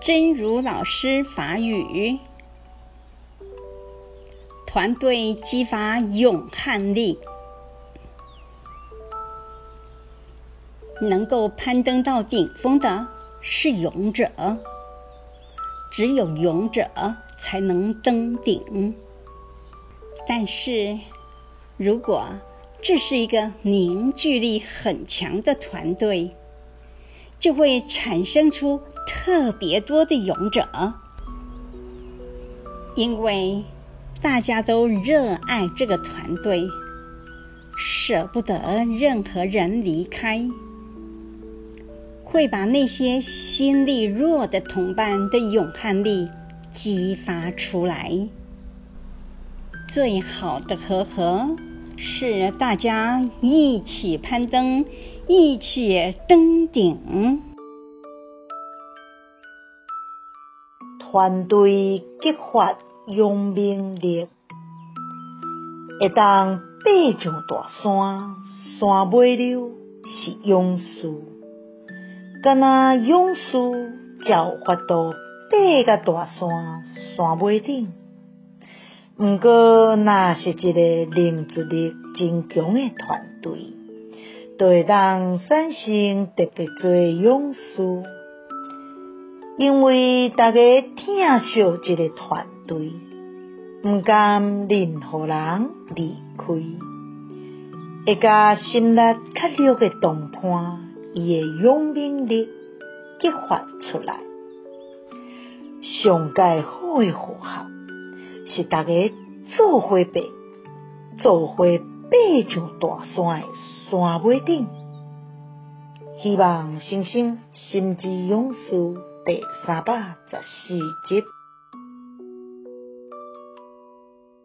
真如老師法語團隊激發勇悍力，能夠攀登到頂峰的是勇者，只有勇者才能登頂。但是，如果這是一個凝聚力很強的團隊，就會產生出特別多的勇者，因為大家都熱愛這個團隊，捨不得任何人離開，會把那些心力弱的同伴的勇悍力激發出來。最好的和合，是大家一起攀登，一起登頂。團隊激發勇悍力，會當爬上大山山尾溜是勇士。敢若勇士才有法度爬到大山山尾頂。毋過若是一個凝聚力真強的團隊，對咱產生特別多勇士。因為大家疼惜一個團隊，毋甘任何人離開，會甲心力較弱的同伴，伊個勇悍力激發出來。上蓋好個和合，是大家做伙爬，做伙爬上大山個山尾頂，希望新生心之勇士。第三百一十四集。